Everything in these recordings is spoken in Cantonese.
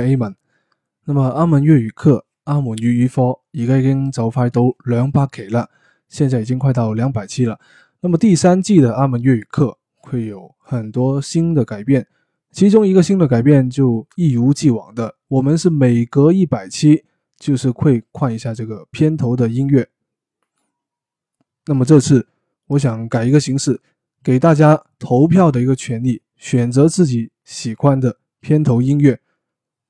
A-man. 那麼阿門粵語課，阿門粵語課而家已經就快到兩百期啦，現在已經快到兩百期了。那麼第三季的阿門粵語課會有很多新的改變，其中一個新的改變就一如既往的，我們是每隔一百期就是會換一下這個片頭的音樂。那麼這次我想改一個形式，給大家投票的一個權利，選擇自己喜歡的片頭音樂。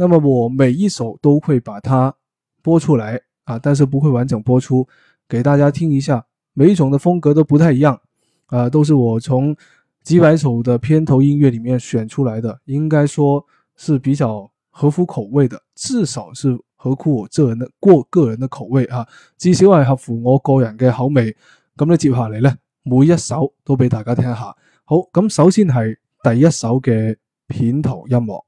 那麼我每一首都會把它播出來啊，但是不會完整播出，給大家聽一下。每一種的風格都不太一樣啊，都是我從幾百首的片頭音樂裏面選出來的，應該說是比較合乎口味的，至少是合乎、啊、合乎我個人的過個人的口味啊，至少係合乎我個人嘅口味。咁咧，接下來咧，每一首都俾大家聽下。好，咁首先係第一首嘅片頭音樂。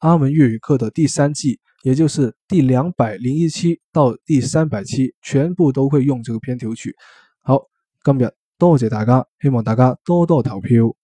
阿門粵語課的第三季，也就是第兩百零一期到第三百期，全部都會用這個片頭曲。好，今日多謝大家，希望大家多多投票。